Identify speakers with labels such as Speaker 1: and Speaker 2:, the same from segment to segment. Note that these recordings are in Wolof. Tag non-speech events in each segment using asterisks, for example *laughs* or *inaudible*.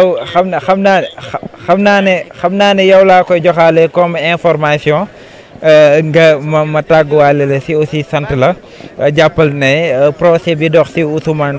Speaker 1: xaw xam na xam naa ne xam naa ne xam naa ne yow laa koy joxaale comme information euh, nga ma ma tàgguwaale la si aussi sant la jàppal ne euh, procès bi dox si Ousmane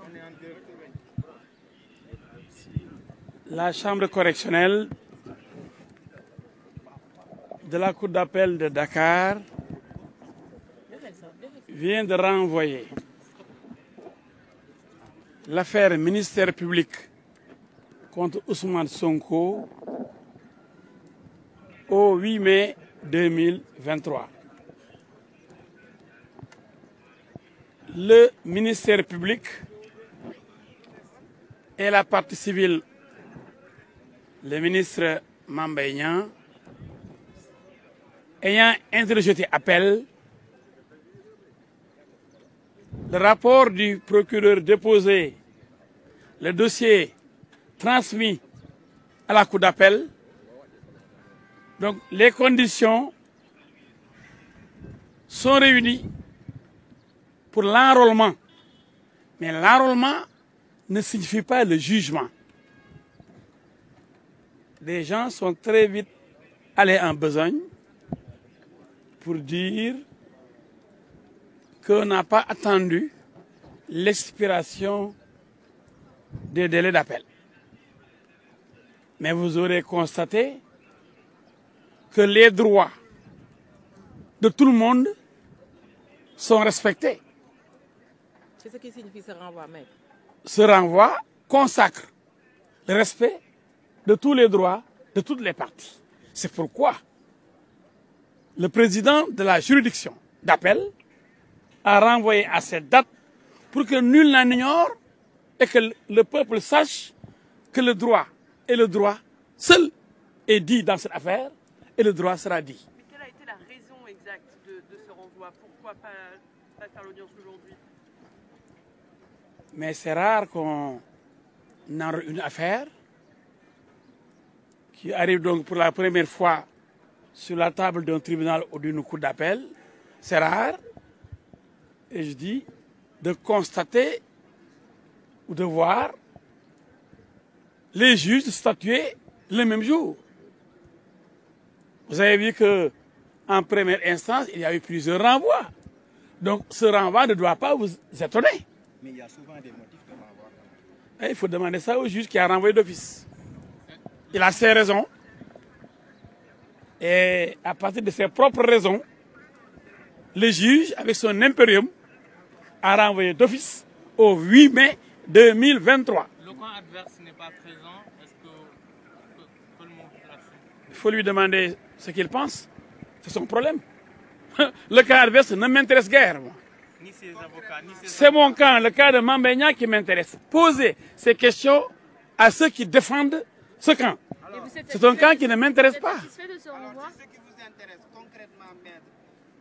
Speaker 1: la chambre correctionnelle de la Cour d'appel de Dakar vient de renvoyer l'affaire ministère public contre Ousmane Sonko au 8 mai 2023. Le ministère public et la partie civile le ministre Mambéignan, ayant interjeté appel, le rapport du procureur déposé, le dossier transmis à la Cour d'appel, donc les conditions sont réunies pour l'enrôlement. Mais l'enrôlement ne signifie pas le jugement les gens sont très vite allés en besogne pour dire qu'on n'a pas attendu l'expiration des délais d'appel. Mais vous aurez constaté que les droits de tout le monde sont respectés. C'est ce qui signifie ce renvoi, Ce renvoi consacre le respect de tous les droits de toutes les parties. C'est pourquoi le président de la juridiction d'appel a renvoyé à cette date pour que nul n'ignore et que le peuple sache que le droit est le droit seul est dit dans cette affaire et le droit sera dit. Mais quelle a été la raison exacte de, ce renvoi Pourquoi pas, faire l'audience aujourd'hui Mais c'est rare qu'on ait une affaire qui arrive donc pour la première fois sur la table d'un tribunal ou d'une cour d'appel, c'est rare, et je dis, de constater ou de voir les juges statuer le même jour. Vous avez vu que en première instance, il y a eu plusieurs renvois. Donc ce renvoi ne doit pas vous étonner. Mais il y a souvent des motifs de renvoi. Eh, il faut demander ça au juge qui a renvoyé d'office il a ses raisons. Et à partir de ses propres raisons, le juge, avec son impérium, a renvoyé d'office au 8 mai 2023. Le camp adverse n'est pas présent. Est-ce que, tout le monde Il faut lui demander ce qu'il pense. C'est son problème. *laughs* Le cas adverse ne m'intéresse guère. Ni ni ses ses avocats, C'est mon cas, le cas de Mambéna qui m'intéresse. Posez ces questions à ceux qui défendent ce camp. C'est un camp qui ne m'intéresse pas. De ce ce qui vous intéresse concrètement, maître,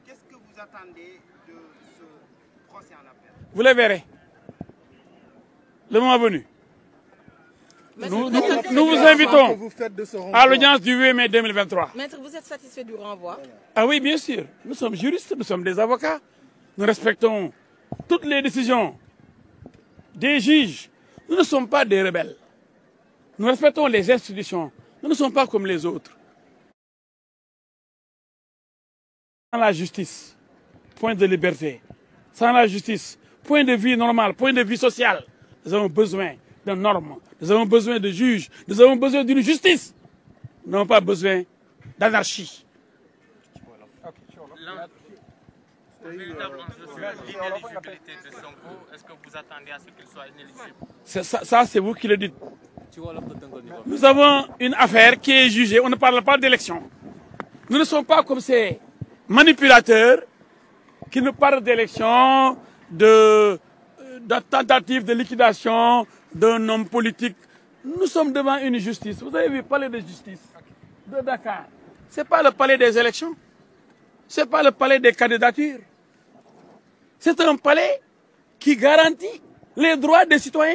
Speaker 1: qu'est-ce que vous attendez de ce procès en appel Vous le verrez. Le moment venu. Nous, vous invitons à l'audience du 8 mai 2023. Maître, vous êtes satisfait du renvoi Ah oui, bien sûr. Nous sommes juristes, nous sommes des avocats. Nous respectons toutes les décisions des juges. Nous ne sommes pas des rebelles. Nous respectons les institutions. Nous ne sommes pas comme les autres. Sans la justice, point de liberté. Sans la justice, point de vie normal, point de vie sociale. Nous avons besoin de normes. Nous avons besoin de juges. Nous avons besoin d'une justice. Nous n'avons pas besoin d'anarchie. Est-ce que vous attendez à ce qu'il soit inéligible Ça, ça c'est vous qui le dites. Nous avons une affaire qui est jugée, on ne parle pas d'élection. Nous ne sommes pas comme ces manipulateurs qui nous parlent d'élection, de, euh, de tentative de liquidation d'un homme politique. Nous sommes devant une justice. Vous avez vu le palais de justice de Dakar. Ce n'est pas le palais des élections. Ce n'est pas le palais des candidatures. C'est un palais qui garantit les droits des citoyens.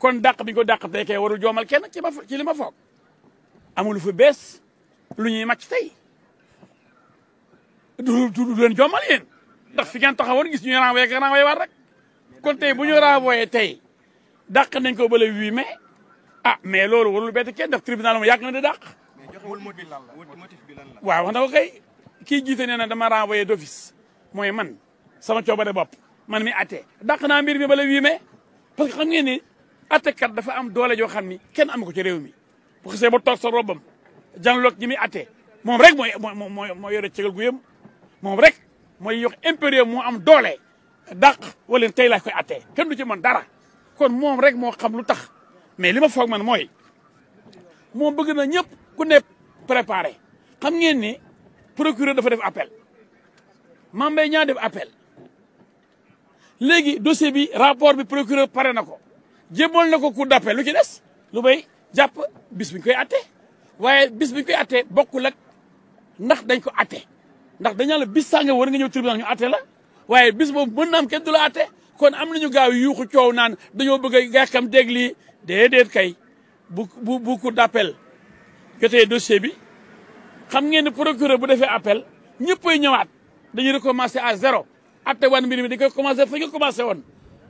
Speaker 1: kon dàq bi ko dàq tey kay warul joomal kenn ci ma ci li ma foog amul fu bees lu ñuy màcc tey du du leen joomal yéen ndax fi ngeen taxawoon gis ñu renvoyé ak renvoyé rek kon tey bu ñu renvoyé tey dàq nañ ko ba le 8 mai ah mais loolu warul bett kenn ndax tribunal moom yàgg na di dàq. waaw wax na ko kay kii jiite nee na dama renvoyé d'office mooy man sama coobare bopp man mi atte dàq naa mbir mi ba le 8 parce que xam ni. attekat dafa am doole joo xam ni kenn am ko ci réew mi bu xasee ba toog sa robam janloog ñi muy atte moom rek mooy mooy mooy yore cëgal gu moom rek mooy yox impérieux moo am doole dàq wala tey laa koy attee kenn du ci mën dara kon moom rek moo xam lu tax mais li ma foog man mooy moom bëgg na ñëpp ku ne préparé xam ngeen ni procureur dafa def appel Mame Mbaye Niang def appel léegi dossier bi rapport bi procureur pare na ko jébbal na ko cour d'appel lu ci des lu may jàpp bis bi ñu koy atte waaye bis mi ñu koy atte bokkul ak ndax dañ ko atte ndax dañaa la bis sànga war nga ñëw tribunal ñu atte la waaye bis boobu mën na am kenn du la atte kon am nañu gaaw yuuxu coow naan dañoo bëgg a gàkkam dégg lii déedéet kay bu bu bu cour d'appel jotee dossier bi xam ngeen ne procureur bu defee appel ñëppay ñëwaat dañuy recommencer à zéro atte wan mbir mi dañ koy commencé fa ñu commencé woon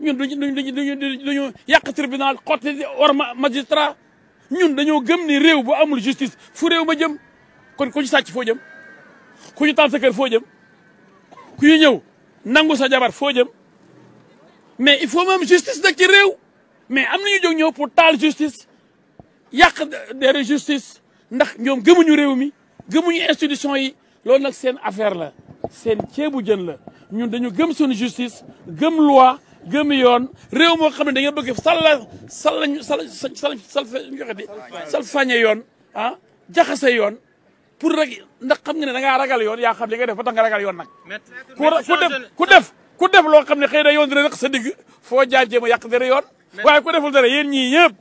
Speaker 1: ñun duñu duñu duñu duñu yàq tribunal xotti war magistrat ñun dañoo gëm ni réew bu amul justice fu réew ma jëm kon ku ñu sàcc foo jëm ku ñu taal sa foo jëm ku ñu ñëw nangu sa jabar foo jëm mais il faut même justice nag ci réew mais am na nañu jóg ñëw pour taal justice yàq dere justice ndax ñoom gëmuñu réew mi gëmuñu institution yi loolu nag seen affaire la seen ceebu jën la ñun dañu gëm suñu justice gëm loi gëm yoon réew moo xam ne da nga bëgg salla salla sal sal sal joxeti sal fañe yoon ah jaxase yoon pour rek ndax xam nga ne da ngaa ragal yoon yaa xam li nga def fo tax nga ragal yoon nag ku def ku def ku def loo xam ne xëy na yoon dina rek sa digg foo jaar jéem a yàq dara yoon waaye ku deful dara yéen ñii ñëpp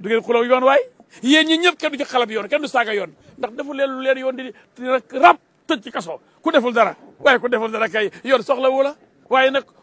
Speaker 1: du ngeen xuloo yoon waaye yéen ñi ñëpp kenn du ci yoon kenn du saaga yoon ndax deful leen lu leen yoon di rek rab tëj ci kaso ku deful dara waaye ku deful dara kay yoon soxla wu la waaye nag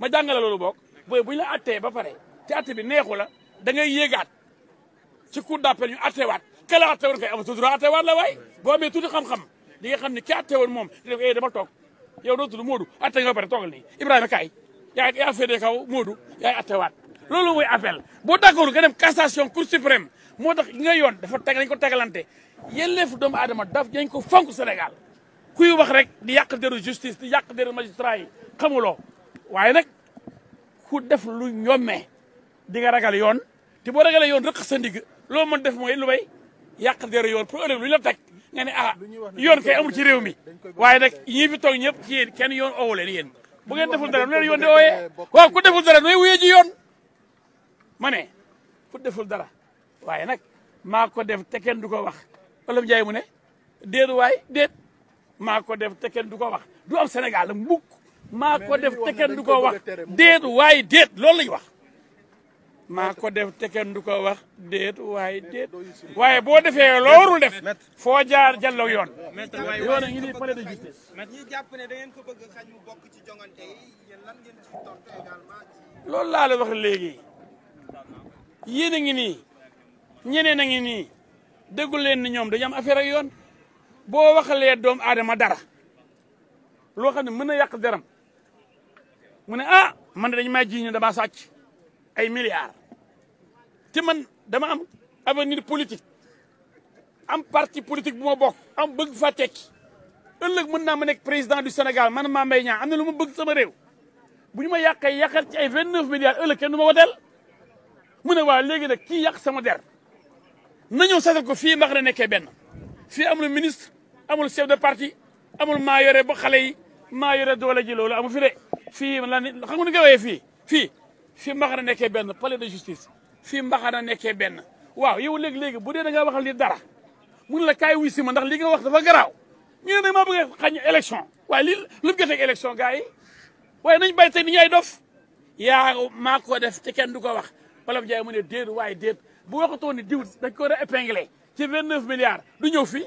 Speaker 1: ma jàngale loolu boog booy bu ñu la attee ba pare te atte bi neexu la da ngay yéegaat ci cour d'appel ñu attewaat waat la attewoon kay amatu droit attewaat la waay boo amee tuuti xam-xam di nga xam ne ki attewoon moom eh, dama toog yow doo tudd Moodu atte nga ba pare toogal nii yaay attewaat loolu mooy appel boo d'accord nga dem cassation cour suprême moo tax nga yoon dafa teg ko tegalante yelleefu doomu adama daf dañ ko fonk Sénégal kuy wax rek di yàq deru justice di yàq deru magistrat yi xamuloo waaye nag ku def lu ñommee di nga ragal yoon te boo ragalee yoon rëq sa ndigg loo mën def mooy lu bay yàq der yoon pour ëllëg lu ñu la teg nga ne ah yoon kay amul ci réew mi waaye nag ñii fi toog ñëpp ci yéen kenn yoon owu leen yéen bu ngeen deful dara lu leen yoon di ooyee waaw ku deful dara nooy wuyee ji yoon ma ne ku deful dara waaye nag maa ko def te kenn du ko wax olof Njaay mu ne déet waay maa ko def te kenn du ko wax du am Sénégal maa ko def te du ko wax déet waaye déet loolu lay wax maa ko def te kenn du ko wax déet waaye déet waaye boo defee loolu def foo jaar jàllaw yoon yoon a ngi nii palais de justice ñi ko bëgg xañ mu bokk ci jongante yi loolu laa wax léegi yéen a ngi ni ñeneen a ngi nii déggu leen ni ñoom dañu am affaire ak yoon boo waxalee doom aadama dara loo xam ne mën a yàq deram mu ne ah man dañ maa ji ñu damaa sàcc ay milliards te man dama am avenir politique am parti politique bu ma bokk am bëgg fa tekki ëllëg mën naa ma nekk président du Sénégal man Mame Mbaye Niang am na lu ma bëgg sama réew bu ñu ma yàqee yàqal ci ay vingt neuf milliards ëllëg kenn du ma woteel mu ne waa léegi nag kii yàq sama der nañoo sasal ko fii mbax na nekkee benn fii amul ministre amul chef de parti amul maa yore ba xale yi maa yore doole ji loolu amu fi de fii lan xam nga nu nga wooyee fii fii fii mbaxana nekkee benn palais de justice fii mbaxana nekkee benn waaw yow léegi-léegi bu dee da ngaa waxal li dara mun la kaay wuy si ma ndax li nga wax dafa garaaw ñu ne nag maa bëgg a xañ élection waaye li lu mu jotee élection gars waaye nañ bàyyi tey ni ñay dof yaa maa ko def te kenn du ko wax wala jaay mu ne déet waaye déet bu waxatoon ni diw dañ ko war a épinglé ci vingt neuf milliards du ñëw fii